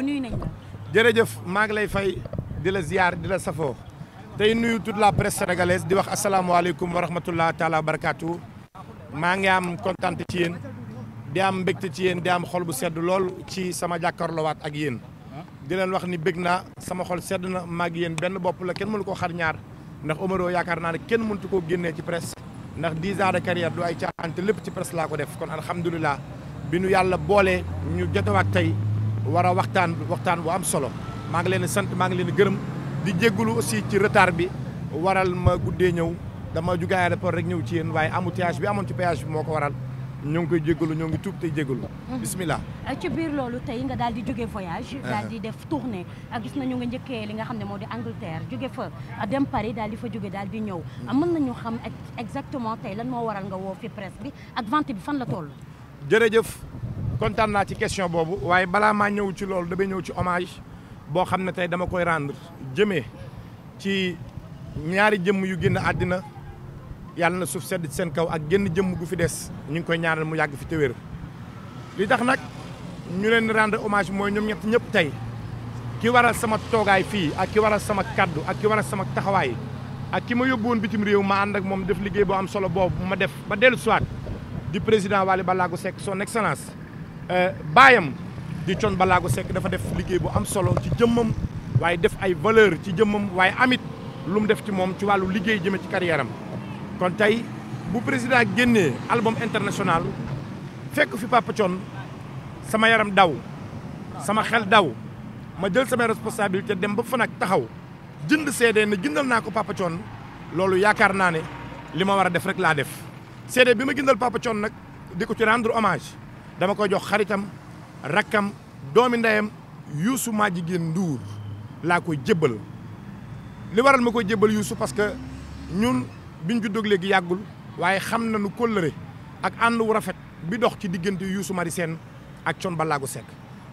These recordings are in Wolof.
Ndao nuyu jërëjëf maa ngi lay fay di la ziar di la safoo tey nuyu toute la presse di wax asalaamualeykum wa rahmatullah taala wa barakaatu. maa ngi am kontaan ci yéen di am mbégte ci yéen di am xol bu sedd lool ci sama jàkkaarloowaat ak yéen. di leen wax ni bëgg naa sama xol sedd na mag yéen benn bopp la kenn mënu koo xar ñaar ndax Omaro yaakaar naa ne kenn mëntu ko génnee ci presse ndax 10 ans de carrière du ay caaxaan lépp ci presse laa ko def kon alhamdulilah bi nu yàlla boole ñu jotawaat tey. war a waxtaan waxtaan bu am solo maa ngi leen sant maa ngi leen gërëm di jéggulu aussi ci retard bi waral ma guddee ñëw dama jugee aéroport rek ñëw ci yéen waaye embouteillage bi amoon ci péage bi moo ko waral ñoo ngi koy jégalu ñoo ngi tuub tey jégalu. Mhm. bisimilah. Euh, ci biir loolu tey nga daal di jóge voyage. Ah. daal di def tournée ak ah, gis nañu nga njëkkee li nga xam ne moo di Angleterre jóge fa ah, dem Paris daal di fa jóge daal di ñëw. mën nañu xam exactement tey lan moo waral nga woo fi bi ak vente bi fan la toll. jërëjëf. kontaan naa ci question boobu waaye balaa maa ñëw ci loolu damay ñëw ci hommage boo xam ne tey dama koy rendre jëmee ci ñaari jëmm yu génn àddina yàlla na suuf sedd ci seen kaw ak génn jëmm gu fi des ñu ngi koy ñaanal mu yàgg fi te wér li tax nag ñu leen rendre hommage mooy ñoom ñett ñëpp tey ki war a sama toogaay fii ak ki waral sama kàddu ak ki waral sama taxawaay ak ki ma yóbbu woon bitim réew ma ànd ak moom def liggéey boo am solo boobu ma def ba dellu siwaat di président Waly Ballago Seck son excellence Euh, baayam di Thione Ballago Seck dafa def liggéey bu am solo ci jëmmam waaye def ay valeur ci jëmmam waaye amit lu mu def ci moom ci wàllu liggéey jëme ci carrière kon tey bu président génnee album international fekk fi Papa sama yaram daw sama xel daw ma jël samay responsabilité dem ba fan ak taxaw jënd CD ne jëndal naa ko Papa loolu yaakaar naa ne li ma war a def rek laa def CD bi ma jëndal Papa nag di ko ci rendre hommage dama koy jox xaritam rakkam doomi ndeyam yuusu maa jigéen nduur laa ko jébbal li waral ma ko jébbal yuusu parce que ñun biñ juddoo léegi yàggul waaye xam na nu kóllëre ak ànd wu rafet bi dox ci diggante yuusu mari seen ak con balaagu sekk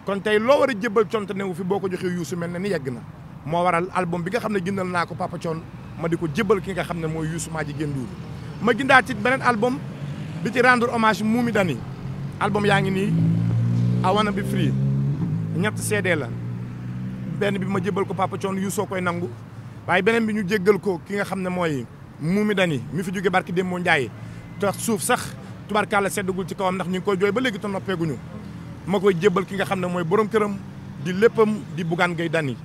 kon tey loo war a jébbal conte newu fi boo ko joxee yuusu mel na ni yegg na moo waral album bi nga xam ne jëndal naa ko papa Thion ma di ko jébbal ki nga xam ne mooy Youssou maa jigéen Ndour ma gindaat ci beneen album di ci rendre hommage Moumi Dani album yaa ngi nii I wanna be free ñett CD la benn bi ma jébbal ko Papa Thione Youssou koy nangu waaye beneen bi ñu jéggal ko ki nga xam ne mooy Moumi Dani mi fi jóge barki Demba Ndiaye te suuf sax tubarkalla seddagul ci kawam ndax ñu ngi koy jooy ba léegi te noppeeguñu ma ko jébbal ki nga xam ne mooy borom këram di léppam di Bougane Gueye Dani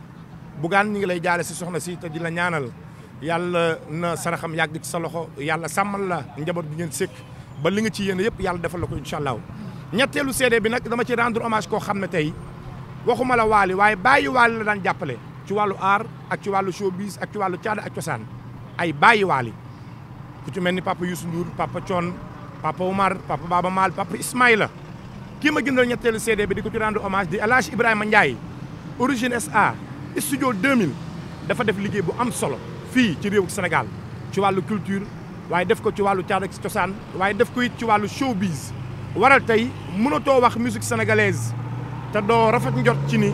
Bougane ñu ngi lay jaale si soxna si te di la ñaanal yàlla na saraxam yàgg ci sa loxo yàlla sàmmal la njaboot bi ngeen sëkk ba li nga ci yéene yëpp yàlla defal la ko incha allah ñetteelu CD bi nag dama ci rendre hommage koo xam ne tey waxuma la waali waaye bàyyi waali la daan jàppale ci wàllu aar ak ci wàllu showbiz a ci wàllu caada ak cosaan ay bàyyi waali ku ci mel ni papa Youssou Ndour papa Thione papa Oumar papa Baba Maal papa Ismaïla kii ma gëndal ñetteelu CD bi di ko ci rendre hommage di El Hadj Ibrahima Ndiaye origine SA studio 2000 dafa def liggéey bu am solo fii ci réewu Sénégal ci wàllu culture. waaye def ko ci wàllu caada ak cosaan waaye def ko ci wàllu showbiz waral tey mënatoo wax musique sénégalaise te doo rafet njot ci ni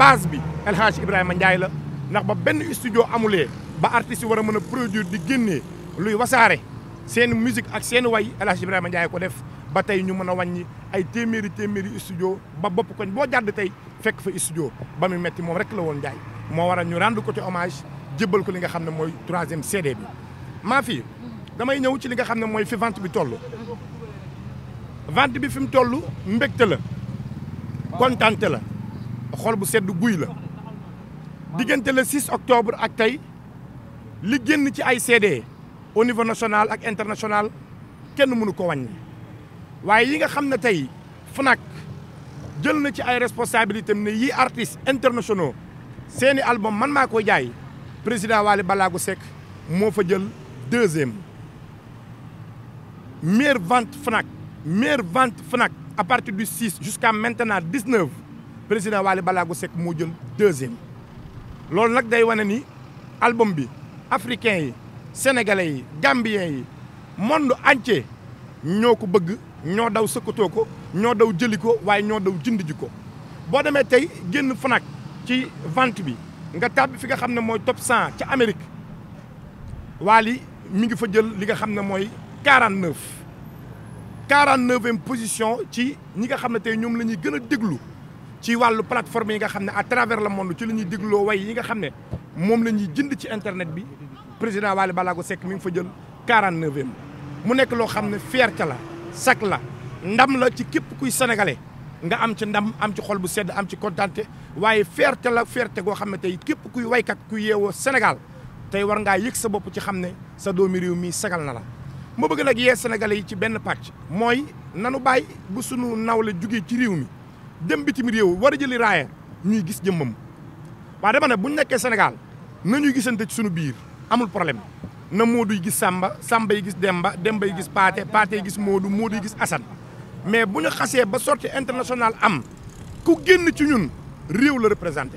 base bi El Hadj Ibrahima Ndiaye la ndax ba benn studio amulee ba artistes yi war a mën a produire di génnee luy wasaare seen musique ak seen way El Hadj Ibrahima ko def ba tey ñu mën a wàññi ay téeméeri téeméeri studio ba bopp koñ boo jàdd tey fekk fa studio ba mu metti moom rek la woon Ndiaye moo waral ñu rendre ko ci hommage jébbal ko li nga xam ne mooy troisième CD maa fi damay ñëw ci li nga xam ne mooy fi vente bi toll vente bi fi mu tollu mbégte la kontante la xol bu sedd guy la diggante le 6 octobre ak tey li génn ci ay CD au niveau national ak international kenn mënu ko wàññi waaye yi nga xam ne tey FNAC jël na ci ay responsabilités ne yii artistes internationaux seeni album man maa koy jaay président balaa Ballago Seck moo fa jël deuxième meilleure vente Fnac meilleure vente Fnac à partir du 6 jusqu'à maintenant 19 président Waly Balago Seck moo jël deuxième loolu nag day wane ni album bi africain yi sénégalais yi gambien yi monde entier ñoo ko bëgg ñoo daw sëkkatoo ko ñoo daw jëli ko waaye ñoo daw jënd ji ko boo demee tey génn Fnac ci vente bi nga tàbbi fi nga xam ne mooy top 100 ci Amérique Waly mi ngi fa jël li nga xam ne mooy quarante neuf quarante neuvième position ci ñi nga xam ne tey ñoom la ñuy gën a déglu ci wàllu plateforme yi nga xam ne à travers le monde ci la ñuy dégloo way yi nga xam ne moom la ñuy jënd ci internet bi président Wally Ballago Seck mi ngi fa jël quarante neuvième mu nekk loo xam ne ca la sac la ndam la ci képp kuy sénégalais nga am ci ndam am ci xol bu sedd am ci kontante waaye fierté la fierté goo xam ne tey képp kuy waykat kuy yeewoo Sénégal tey war ngaa yëg sa bopp ci xam ne sa doomi réew mi sagal na la ma bëgg nag yee sénégalais yi ci benn pàcc mooy nanu bàyyi bu sunu naw la jugee ci réew mi dem bitim réew war a jëli raaya ñuy gis jëmmam waa dama ne bu ñu nekkee Sénégal nañuy gisante ci sunu biir amul problème na Modou yi gis Samba Samba yi gis Demba Demba yi gis Paate Paate yi gis Modou Modou yi gis Assane mais bu ñu xasee ba sorti internationale am ku génn ci ñun réew la représenté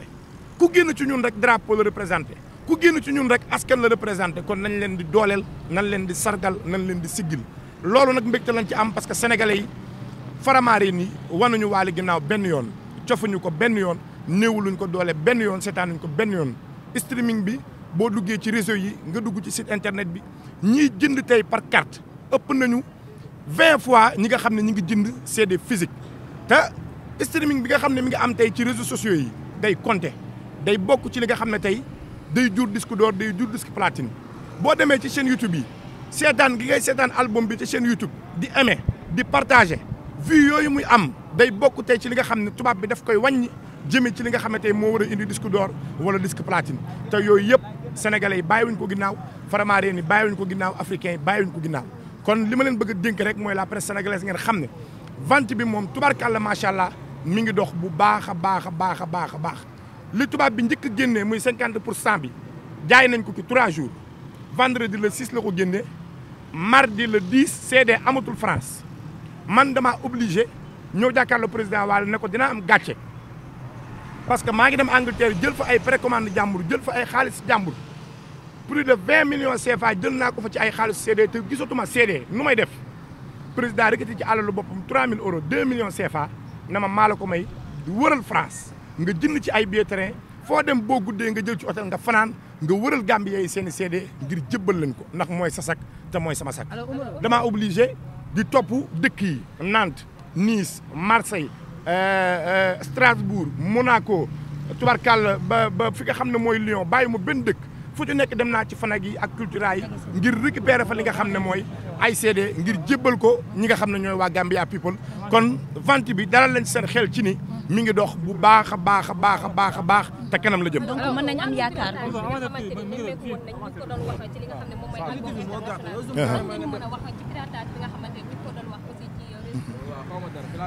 ku génn ci ñun rek drapo la représenté ku génn ci ñun rek askan la représenté kon nañ leen di dooleel nañ leen di sargal nañ leen di siggil loolu nag mbégte lañ ci am parce que sénégalais yi Faramareen yi wanuñu waali ginnaaw benn yoon cofuñu ko benn yoon néewuluñ ko doole benn yoon seetaanuñ ko benn yoon streaming bi boo duggee ci réseau yi nga dugg ci site internet bi ñii jënd tey par carte ëpp nañu vingt fois ñi nga xam ne ñi ngi jënd CD physique te streaming bi nga xam ne mi ngi am tey ci réseaux sociaux yi day compter day bokk ci li nga xam ne tey day jur disque d'or day jur disque platine boo demee ci seen YouTube yi seetaan gi ngay seetaan album bi ci seen YouTube di amee di partagé vue yooyu muy am day bokk tey ci li nga xam ne tubaab bi daf koy wañ jëmee ci li nga xamante ne moo war a indi disque d'or wala disque platine te yooyu yëpp sénégalais yi bàyyiwuñ ko ginnaaw faramareen yi bàyyiwuñ ko ginnaaw africains bàyyi bàyyiwuñ ko ginnaaw kon li ma leen bëgg a dénk rek mooy la presse sénégalaise ngeen xam ne vente bi moom tubarkalla macha allah mi ngi dox bu baax a baax a baax a baax a baax li tubaab bi njëkk a génnee muy cinquante pour cent bi jaay nañ ko ci trois jours vendredi le six la ko génnee mardi le dix CD amatul France man dama obligé ñëw jàkkaarloo président Wade ne ko dinaa am gàcce parce que maa ngi dem Angleterre jël fa ay précommande jàmbur jël fa ay xaalis jàmbur plus de vingt millions CFA jël naa ko fa ci ay xaalis CD te gisatuma CD nu may def président rek ci alalu boppam trois mille euros deux millions CFA na ma maa la ko may di France nga jënd ci ay billet foo dem boo guddee nga jël ci hôtel nga fanaan nga wëral gàmbi yeey seeni i ngir jébbal leen ko ndax mooy sa sak te mooy sama sak damaa obligé di topp dëkk yi Nantes Nice Marseille euh, euh, Strasbourg Monaco tubarkàll ba ba fi nga xam ne mooy Lyon bàyyi mu benn dëkk fu ci nekk dem naa ci fanag yi ak cultura yi ngir récupérer fa li nga xam ne mooy ay CD ngir jébbal ko ñi nga xam ne ñooy waa Gambia people kon vant bi dalal leen seen xel ci ni mi ngi dox bu baax a baax a baax a baax a baax te kanam la jëm. donc mën nañ am yaakaar.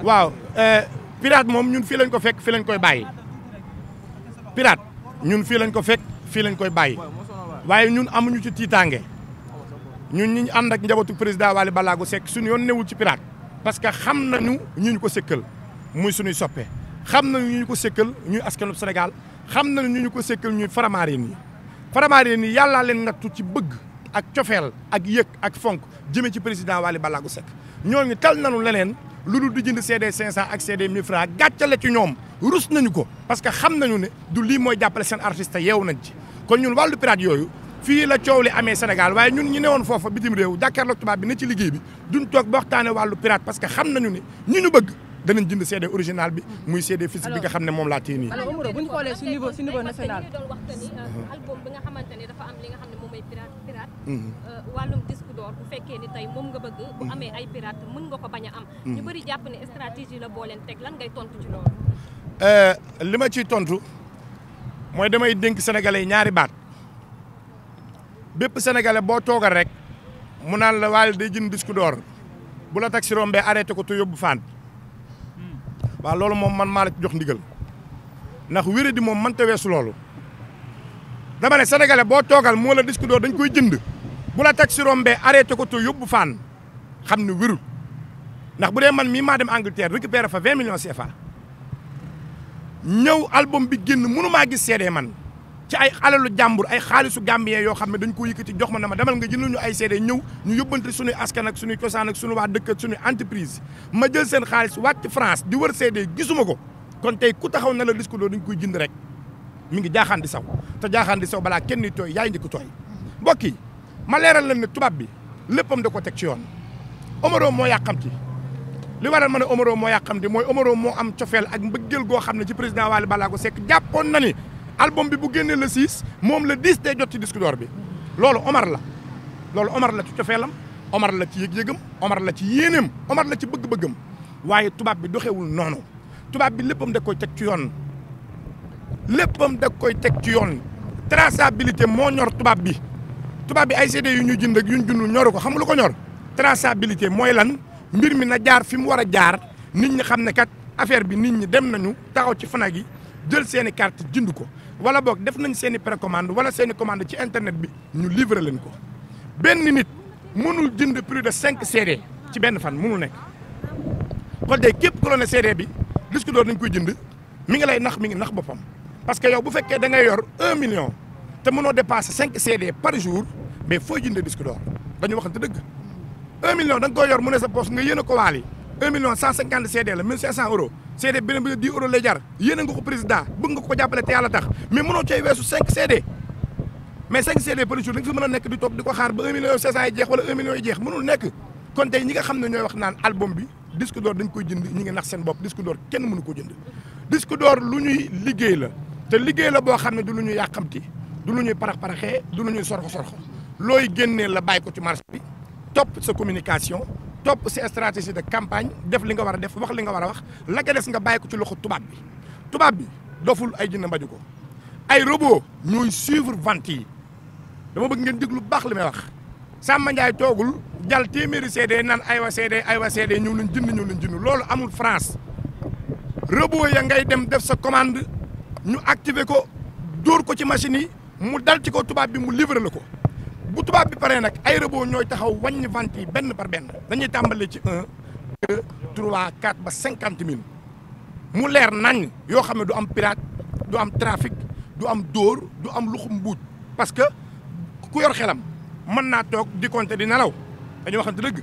waaw euh, pirate moom ñun fii lañ ko fekk fi lañ koy bàyyi pirate ñun fii lañ ko fekk. fii lañ koy bàyyi waaye ñun amuñu ci tiitaange ñun ñi ànd ak njabootu président balaa Ballago Seck suñu yoon newul ci pirate parce que xam na ñu ñu ko sëkkal muy suñuy soppe xam na ñu ñu ko sëkkal ñuy askanu Sénégal xam na ñu ñu ko sëkkal ñuy faramaareen yi faramaareen yi yàllaa leen nattu ci bëgg ak cofeel ak yëg ak fonk jëme ci président Waly Ballago Seck ñooñu tal nañu leneen lu dul di jënd CD 500 ak CD 1000 francs gàcce ci ñoom rus nañu ko parce que xam nañu ne du lii mooy jàppale seen artiste yeew nañ ci kon ñun wàllu pirate yooyu fii la coow li amee Sénégal waaye ñun ñu newoon foofa bitim réew jàkkaarloog tubaab bi ne ci liggéey bi duñ toog ba waxtaane wàllu pirate parce que xam nañu ne ñu ñu bëgg dana jënd CD original bi mhm. muy CD physique bi nga xam ne moom laa téye nii. bu ñu su niveau su euh, mhm. bi nga xamante ne dafa am li nga xam ne moom ay pirate pirate. Mhm. Euh, wàllum disque bu fekkee ni tey moom nga bëgg. bu amee ay pirate mën nga ko bañ a am. ñu bëri jàpp ne stratégie la boo teg lan ngay tontu ci loolu. Euh, li ma ciy tontu mooy damay dénk sénégalais yi ñaari baat bépp sénégalais boo toogal rek mu naan la waaye day jënd disque d'or bu la taxi rombee arrêté ko te yóbbu fànn. waaw loolu moom man maa la jox ndigal ndax wéré di moom mënta weesu loolu dama ne sénégalais boo toogal moo la disque doo dañ koy jënd bu la teg si rombee arrêté ko te yóbbu faan xam ne wérul ndax bu dee man mii maa dem Angleterre récupéré fa 20 millions CFA ñëw album bi génn mënu maa gis seede man. ci ay alalu jàmbur ay xaalisu gambien yoo xam ne dañ ko yëkkati jox ma na ma demal nga jëndal ñu ay seede ñëw ñu yóbbante suñuy askan ak suñuy cosaan ak suñu waa dëkk ak suñuy entreprise ma jël seen xaalis wàcc France di war seede gisuma ko kon tey ku taxaw na la risque loolu dañ koy jënd rek mi ngi jaaxaan di saw te jaaxaan saw balaa kenn di tooy yaay njëkk tooy mbokk yi ma leeral leen ne tubaab bi léppam da ko teg ci yoon Omaro moo yàqamti li waral ma ne Omaro moo yàqamti mooy Omaro moo am cofeel ak mbëggeel goo xam ne ci président Wally Ballago Seck jàppoon na ni album bi bu génnee la 6 moom la 10 day jot ci disque d'or bi loolu Omar la loolu Omar la ci cofeelam Omar la ci yëg-yëgam Omar la ci yéeneem Omar la ci bëgg-bëggam waaye tubaab bi doxewul noonu tubaab bi léppam da koy teg ci yoon léppam da koy teg ci yoon traçabilité moo ñor tubaab bi tubaab bi ay CD yu ñu jënd yuñ yu ñor ko xam ko ñor traçabilité mooy lan mbir mi na jaar fi mu war a jaar nit ñi xam ne kat affaire bi nit ñi dem nañu taxaw ci fana gi jël seen i carte jënd ko wala boog def nañ seen i précommande wala seeni komande ci internet bi ñu livrer leen ko benn nit mënul jënd plus de cinq CD ci benn fan mënul nekk kon de képp ku la bi disque d'or dañ koy jënd mi ngi lay nax mi ngi nax boppam parce que yow bu fekkee da ngay yor un million te mënoo dépasser cinq par jour mais foo jëndee disque d'or dañu waxante dëgg un million da nga koy yor mu ne sa poche nga yéene ko waali million cent cinquante CD CD beneen bi ne 10 euros lay nga ko président bëgg nga ko jàppale te yàlla tax mais mënoo cay weesu 5 CD mais 5 CD par jour nga fi mën a nekk di toog di ko xaar ba 1 million 500 yi jeex wala 1 million yi jeex mënul nekk kon tey ñi nga xam ne ñooy wax naan album bi disque d'or dañ koy jënd ñi ngi nax seen bopp disque d'or kenn mënu ko jënd disque d'or lu ñuy liggéey la te liggéey la boo xam ne du lu ñuy yàqamti du lu ñuy parax-paraxee du lu ñuy sorxo sorxo looy génnee la bàyyi ko ci marché bi topp sa communication topp si stratégie de campagne def li nga war a def wax li nga war a wax la nga des nga bàyyi ko ci loxo tubaab bi tubaab bi doful ay jënd mbaju ko ay robot ñooy suivre vente yi dama bëgg ngeen déglu baax li may wax Samba Ndiaye toogul jàll téeméeri CD naan aywa CD aywa CD ñëw nañ jënd ñëw nañ jënd loolu amul France robot ya ngay dem def sa commande ñu activer ko dóor ko ci machine yi mu dal ci ko tubaab bi mu livré la ko bu tubaab bi paree nag ay robot ñooy taxaw wàññi vente yi benn par benn dañuy tàmbalee ci un deux trois quatre ba cinquante mille mu leer nañ yoo xam ne du am pirate du am trafic du am dóor du am luxum mbuuj parce que ku yor xelam mën naa toog di compter di nelaw dañuy waxante dëgg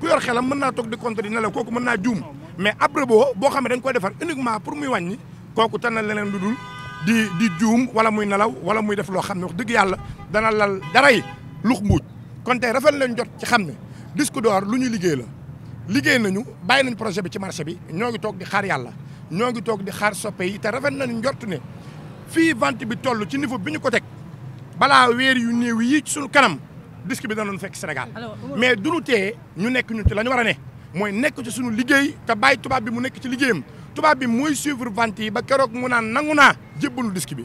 ku yor xelam mën naa toog di compter di nelaw kooku mën naa juum mais ab robot boo xam ne dañ koy defar uniquement pour muy wàññi kooku na leneen lu dul di di juum wala muy nelaw wala muy def loo xam ne wax dëgg yàlla dana lal dara yi lux mbuuj kon tey rafet lañ jot ci xam ne disque d'or lu ñu liggéey la liggéey nañu bàyyi nañ projet bi ci marché bi ñoo ngi toog di xaar yàlla ñoo ngi toog di xaar soppe yi te rafet nañ njort ne fii vente bi toll ci niveau bi ñu ko teg balaa weer yu néew yii ci suñu kanam disque bi danoon fekk Sénégal mais du ñu ñu nekk ñu ci lañu ñu war a ne mooy nekk ci suñu liggéey te bàyyi tubaab bi mu nekk ci liggéeyam tubaab bi muy suivre vente yi ba keroog mu naan nangu naa jébbalu disque bi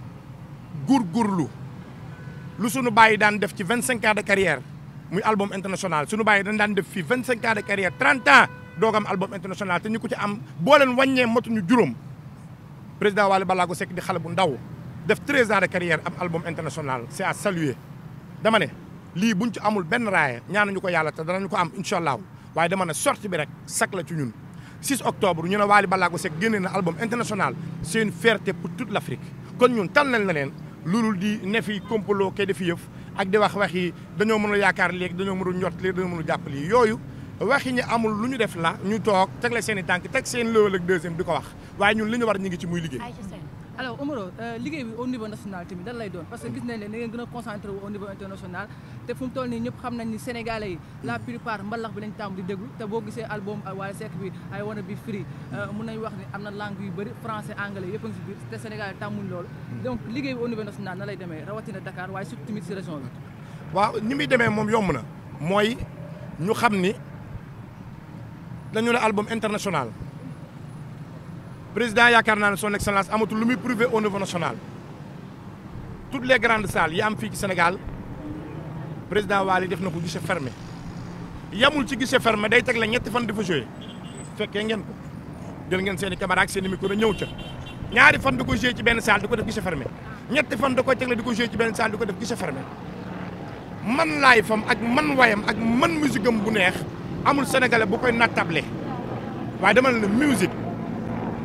góorgóorlu lu lu sunu bàyyi daan def ci vingt cinq ans de carrière muy album international sunu bàyyi dañ daan def fii vingt cinq ans de carrière trente ans doog am album international te ñu ko ci am boo leen wàññee motuñu juróom président Wally Ballago Seck di xale bu ndaw def treize ans de carrière am album international c'est à saluer dama ne lii buñ ci amul benn raaye ñaanuñu ko yàlla te ñu ko am incha allah waaye dama ne sortie bi rek sak la ci ñun 6 octobre ñu ne Wally Ballago Seck génne na album international c'est une fierté pour toute l'Afrique kon ñun tànnal na leen loolu di ne fi kompaloo kay dafi yëf ak di wax wax yi dañoo mën a yaakaar léegi dañoo mën a njort léegi dañoo mën jàpp lii yooyu wax yi amul lu ñu def la ñu toog teg la seen i tànk teg seen lool ak deuxième di ko wax waaye ñun li ñu war ñu ngi ci muy liggéey alors Omaro euh, liggéey bi au niveau national tamit lan lay doon parce que gis nañ leen da ngeen gën a concentré wu au niveau international te fu mu toll nii ñëpp xam ni sénégalais yi la plupart mbalax bi lañ tàmm di déglu te boo gisee album Wally Seck bi I wanna be free euh, mun nañ wax ni am na langue yu bëri français anglais yëpp a ngi si biir te sénégalais tàmmuñ loolu hmm. donc liggéey bi au niveau national na lay demee rawatina Dakar waaye surtout tamit si région bi waaw ni muy demee moom yomb na mooy ñu xam ni dañu ne album international président yaakaar naa ne son excellence amatul lu muy prouver au niveau national toutes les grande salles yi fii ci Sénégal président Waly def na ko guichet fermé yamul ci guichet fermé day teg la ñetti fan di fa joué fekkee ngeen ko jël ngeen seen i caméra ak seen i micro ñëw ca ñaari fan di ko joué ci benn salle di ko def guichet fermé ñetti fan da koy teg la di ko joué ci benn salle di ko def guichet fermé man laay fam ak man wayam ak man musique am bu neex amul sénégalais bu koy nattable waaye dama ne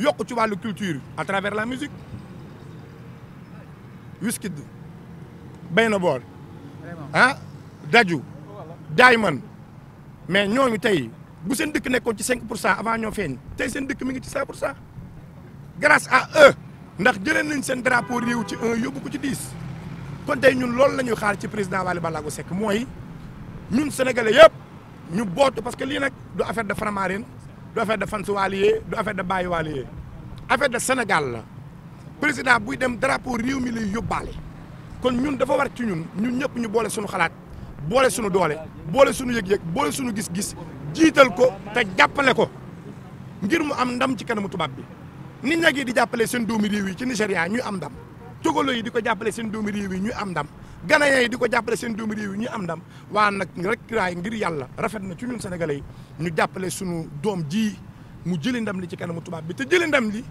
yokk ci wàllu culture a traver la musique Wizkid bay na boor ah daju Diamond mais ñooñu tey bu seen dëkk nekkoon ci 5 pour cent avant ñoo feeñ tey seen dëkk mi ngi ci 5 pour cent grâce à ndax jëleen nañ seen drapeau réew ci un yóbbu ko ci 10 kon tey ñun loolu la ñuy xaar ci président bala Ballago sekk mooy ñun sénégalais yëpp ñu boot parce que lii nag du affaire de Faramareen du affaire de fans Walié du affaire de Baye Walié affaire de Sénégal la président buy dem drapeau réew mi la lay yóbbaale kon ñun dafa war ci ñun ñun ñëpp ñu boole suñu xalaat boole sunu doole boole suñu yëg-yëg boole suñu gis-gis jiital ko te jàppale ko ngir mu am ndam ci kanamu tubaab bi nit ña ngi di jàppale seen doomi réew ci Nigéria ñuy am ndam Togolais yi di ko jàppale seen doomi réew ñuy am ndam Ghanéens di ko jàppale seen doomu réew ñu am ndam waa nag rek raay ngir yàlla rafet na ci ñun sénégalais ñu jàppale sunu doom ji mu jëli ndam li ci kanamu tubaab bi te jëli ndam li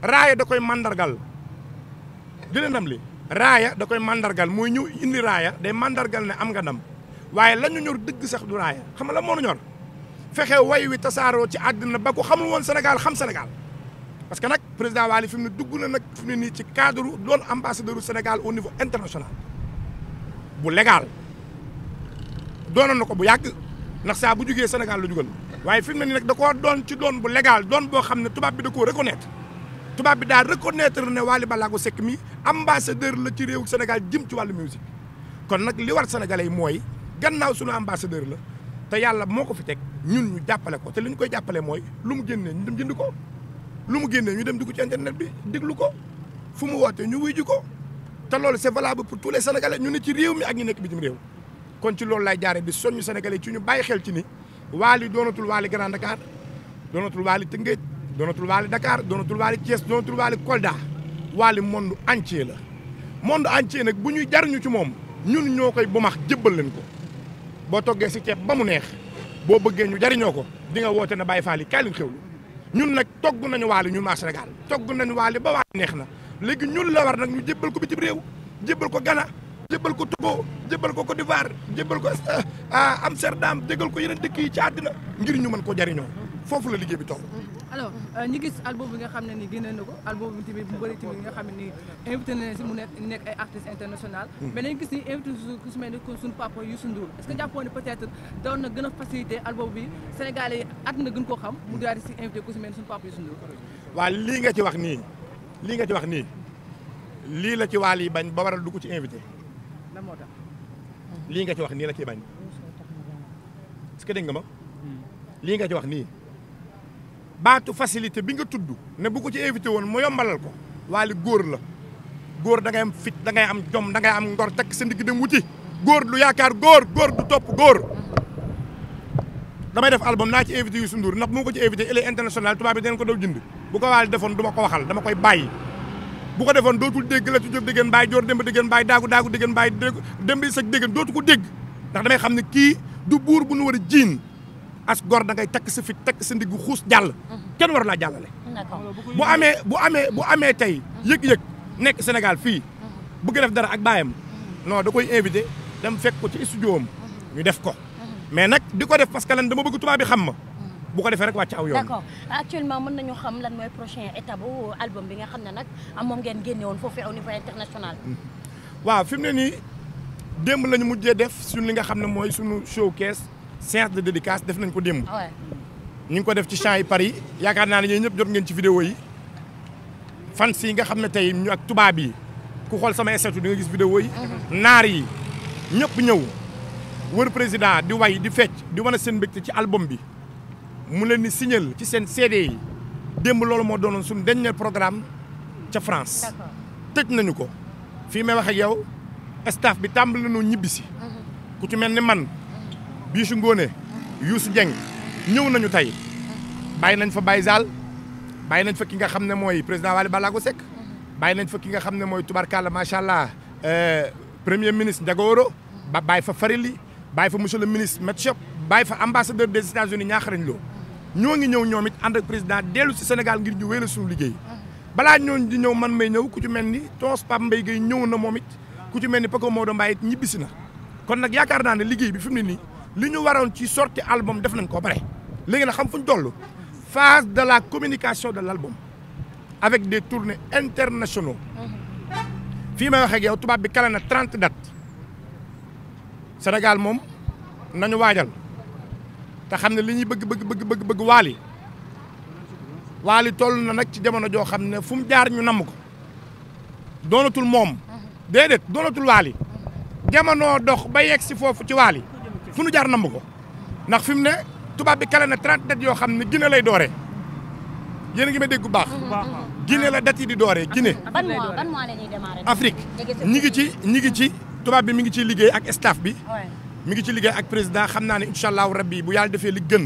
raaya da koy mandargal jëli ndam li raaya da koy mandargal mooy ñëw indi raaya day mandargal ne am nga ndam waaye la ñu ñor dëgg sax du raaya xam nga la moo ñor fexe way wi tasaaroo ci àddina ba ko xamul woon Sénégal xam senegal parce que nag président Wally fi mu ne dugg na nag fi mu ne nii ci cadre doon ambassadeur Sénégal au niveau international bu légal doonoon na ko bu yàgg ndax saa bu jugee Sénégal la jugal waaye fi mu ne nii nag da koo doon ci doon bu légal doon boo xam ne tubaab bi da koo reconnaître tubaab bi daa reconnaître ne balaa Ballago sekk mi ambassadeur la ci réew Sénégal jëm ci wàllu musique kon nag li war sénégalais yi mooy gannaaw suñu ambassadeur la te yàlla moo ko fi teg ñun ñu jàppale ko te li ñu koy jàppale mooy lu mu génnee ñu dem jënd ko lu mu génnee ñu dem dugg ci internet bi déglu ko fu mu wootee ñu wuyu ji ko. te loolu c'est valable pour tous les sénégalais ñu ci réew mi ak ñu nekk bitim réew kon ci loolu lay jaare di soññu sénégalais ci ñu bàyyi xel ci ni Wally doonatul Wally Grand Dakar doonatul Wally Tëngéej doonatul Wally Dakar doonatul Wally Thiès doonatul Wally Kolda Wally monde entier la monde entier nag bu ñuy jariñu ci moom ñun ñoo koy bu max jëbbal leen ko boo toggee si ceeb ba mu neex boo bëggee ñu jariñoo ko di nga woote na Baye Fall yi kaay leen xewlu ñun nag togg nañu Wally ñun waa Sénégal togg nañu Wally ba Wally neex na léegi ñun la war nag ñu jébbal ko bitim réew jébbal ko Ghana jébbal ko Togo jébbal ko Côte d'Ivoire jébbal ko euh, Amsterdam jégal ko yeneen dëkk yi ci àddina ngir ñu mën ko jariñoo foofu la liggéey bi toll. alors euh, ñu gis album bi nga xam ne ni génne na ko bi nga xam ne ni invité na si mu nekk ay artistes international mais dañu hmm. gis ni invité ku su mel ni suñu papa Youssou Ndour est ce que jàppoon ne peut être na gën a facilité album bi Sénégalais yi at na gën koo xam mu daal di si invité ku su nga ci wax nii. lii nga ci wax nii lii la ci waal yi bañ ba waral du ko ci invité lii nga ci wax nii la ciy bañ est-ce que dégg nga ma hmm. lii nga ci wax nii baatu facilité bi nga tudd ne bu ko ci invité woon mu yombalal ko waali góor la góor da ngay am fit da ngay am jom da am ngor takk sa ndigg dem wuti góor lu yaakaar góor góor du topp góor damay def album naa ci invité Youssou Ndour ndax mu ko ci invité il international tubaab bi dinañ ko daw jënd bu ko waale defoon du ma ko waxal dama koy bàyyi bu ko defoon dootul dégg la ci jóg diggéen mbaay joor démb diggéen mbaay daagu daagu diggéen mbaay démb sëg diggéen dootu ko dégg ndax damay xam ne kii du buur bu nu war a jiin as gor da ngay takk sa fit takk sa ndiggu xuus jàll kenn waru laa jàllale bu amee bu amee bu amee tey yëg-yëg nekk Sénégal fii bëgg def dara ak baayam non da koy invité dem fekk ko ci studio am ñu def ko mhm. mais nag di ko def parce que lan dama bëgg tubaab bi xam ma bu ko defee rek wàcc aw yoon. d'accord actuellement mën nañu xam lan mooy prochain étape bu album bi nga xam ne nag moom ngeen génne woon foofu au niveau international. Mhm. waaw fi mu ne nii démb lañu mujjee def suñ li nga xam ne mooy suñu showcase séance de dédicace def nañ ko démb. ñu ngi ko def ci champs yi Paris yaakaar naa ne yéen ñëpp jot ngeen ci vidéo yi yi nga xam ne tey ñu ak tubaab yi ku xool sama statut di nga gis vidéo mhm. naar yi ñëpp ñëw war président di way di fecc di wane seen mbégte ci album bi. mu leen di signal ci seen CD yi démb loolu moo doonoon suñu dernier programme ca France. tëj nañu ko fii may wax ak yow staff bi tàmbali nañu ñibbi si. ku ci mel ni man Bijou Ngoné Youssou Dieng ñëw nañu tey bàyyi nañ fa Baye Zal bàyyi nañ fa ki nga xam ne mooy président Waly Ballago Seck bàyyi nañ fa ki nga xam ne mooy tubarkalla macha allah premier ministre Njagoro ba bàyyi fa Farili bàyyi fa monsieur le ministre Metshop bàyyi fa ambassadeur des États-Unis ñaaxarañ loo ñoo ngi ñëw ñoom it ànd ak président dellu si Sénégal ngir ñu wéyal suñu liggéey balaa ñooñu di ñëw man may ñëw ku ci mel ni toos Pape Mbaye Gueye ñëw na moom ku ci mel ni Paco moo Mbaye it ñibbisi na kon nag yaakaar naa ne liggéey bi fi mu ne nii li ñu waroon ci sorti album def nañ ko bare léegi na xam fu ñu toll phase de la communication de l' album avec des tournées internationaux fii may wax ak tubaab bi kale na trente dat Sénégal moom nañu waajal te xam ne li ñuy bëgg bëgg bëgg bëgg bëgg waali waali toll na nag ci jamono joo xam ne fu mu jaar ñu namm ko doonatul moom déedéet doonatul waali jamono dox ba yegg si foofu ci waali fu nu jaar namm ko ndax fi mu ne tubaab bi kale na trente dates yoo xam ne Guinée lay doore yéen a ngi may dégg bu baax. Mm-hmm. Guinée la date yi di doore Guinée. ban Afrique ñi ngi ci ñi ci tubaab bi mi ngi ciy liggéey ak estaaf bi. mi ngi ci liggéey ak président xam naa ne incha allahu rabbi bu yàlla defee li gën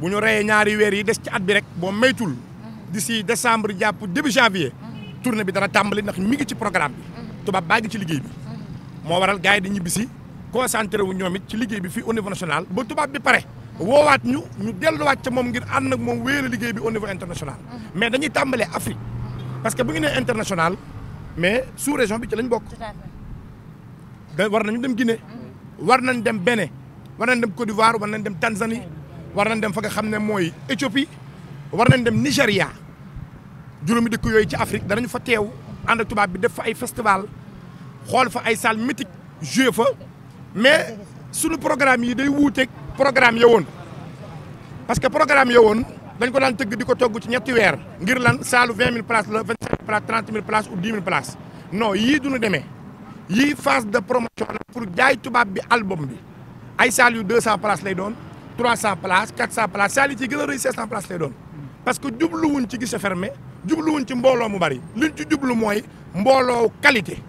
bu ñu reyee ñaari weer yi des ci at bi rek boo maytul d'ici décembre jàpp début janvier tournée bi dana tàmbali ndax mi ngi ci programme bi tubaab baa ngi ci liggéey bi moo waral gars yi di ñibbisi concentré wu ñoom it ci liggéey bi fii au niveau national ba tubaab bi pare woowaat ñu ñu delluwaat ca moom ngir ànd ak moom wéer liggéey bi au niveau international mais dañuy tàmbalee Afrique parce que bu ñu nee international mais sous région bi ci lañ bokk da war nañu dem Guinée war nañ dem Bénin war nañ dem Côte d'Ivoire war nañ dem Tanzanie war nañ dem fa nga xam ne mooy Éthiopie war nañ dem Nigéria juróomi dëkk yooyu ci Afrique danañu fa teew ànd ak tubaab bi def ay festival xool fa ay salle mythique joué fa mais suñu programme yi day wuuteeg programme ya woon parce que programme ya woon dañ ko daan tëgg di ko togg ci ñetti weer ngir lan saalu vingt mille places la vingt cinq mille places trente mille places ou yii duna demee yii phase de promotion la pour jaay tubaab bi album bi ay salles yu 200 places lay doon 300 places 400 places salles yi ci gën a rëy 500 places lay doon parce que jubluwuñ ci guichet fermé jubluwuñ ci mbooloo mu bari liñ ci jublu mooy mbooloo qualité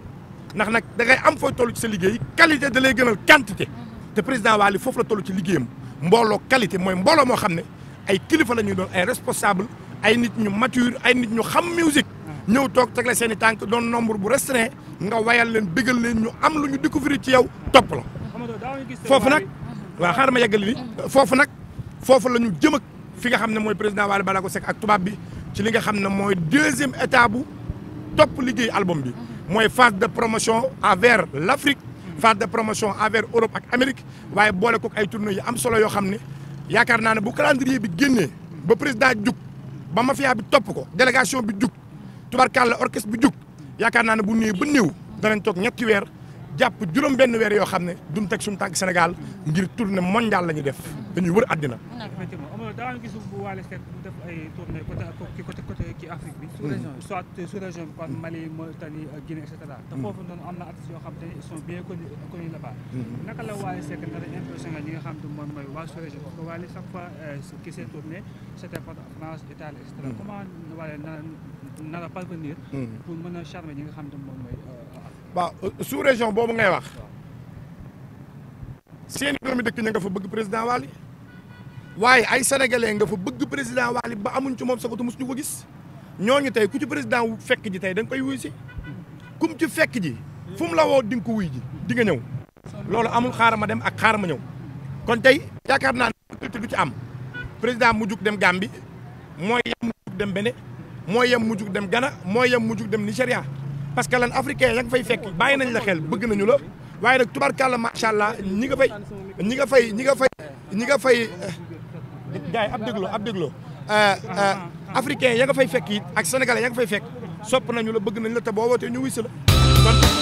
ndax nag da ngay am fooy toll ci sa liggéey qualité da lay gënal quantité te président Wally foofu la toll ci liggéeyam mbooloo qualité mooy mbooloo moo xam ne ay kilifa la ñuy doon ay responsable ay nit ñu mature ay nit ñu xam musique ñëw toog tegle seen i tànk doon nombre bu restreint nga wayal leen bégal leen ñu am lu ñu découvrir ci yow topp la foofu nag waaw xaaral ma yeggal li foofu nag foofu la ñu jëm ak fi nga xam ne mooy président Wally Ballago Seck ak tubaab bi ci li nga xam ne mooy deuxième état bu topp liggéey album bi mooy phase de promotion envers l'Afrique phase de promotion envers Europe ak Amérique waaye boole ko ay tournées yu am solo yoo xam ne yaakaar naa ne bu calendrier bi génnee ba président jug ba mafia topp ko délégation bi jug tubarkalla orchestre bu jug yaakaar naa ne bu néew ba néew danañ toog ñetti weer jàpp juróom benn weer yoo xam ne duñ teg suñu tànk Sénégal ngir tournée mondial la ñuy def dañuy wër àddina. effectivement amul daan gis bu Wally Seck bu def ay tournée côté côté côté te foofu te ne ils sont bien connus la Wally Seck dara impressionné xam te moom mooy waa sous région parce que Wally chaque fois ki s'est tourné c'était par France Italie et cetera. comment Wally nar a parvenir. pour mën a charmer ñi nga xam te moom mooy. waaw sous région boobu ngay wax seeni doomi dëkk ña nga fa bëgg président Wally waaye ay sénégalais nga fa bëgg président waali ba amuñ ci moom sagatu ñu ko gis ñooñu tey ku ci président wu fekk ji tey da koy wuy si kum ci fekk ji fu mu la woo di ko wuy ji di nga ñëw loolu amul xaar ma dem ak xaar ma ñëw kon tey yaakaar naa ne du ci am président mu jug dem Gambie mooy yem mu jug dem Bénin mooy yem mu jug dem Ghana mooy yam mu jug dem Nigéria parce que lan africain ya nga fay fekk bàyyi nañ la xel bëgg nañu lo waaye nag tubarkàlla macha allah ñi nga fay ñi nga fay ñi nga fay ñi nga fay eh, gars yi ab dégloo ab dégloo eh, eh, africain ya nga fay fekk it ak sénégalais yaa nga fay fekk sopp nañu la bëgg nañ la te boo wootee ñu wis la